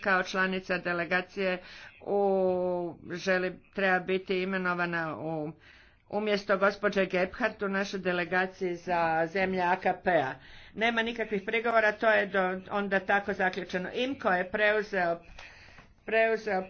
kao članica delegacije u, želi, treba biti imenovana u, umjesto gospođe Gebhardt u našoj delegaciji za zemlje AKP-a. Nema nikakvih prigovora, to je onda tako zaključeno. IMKO je preuzeo, preuzeo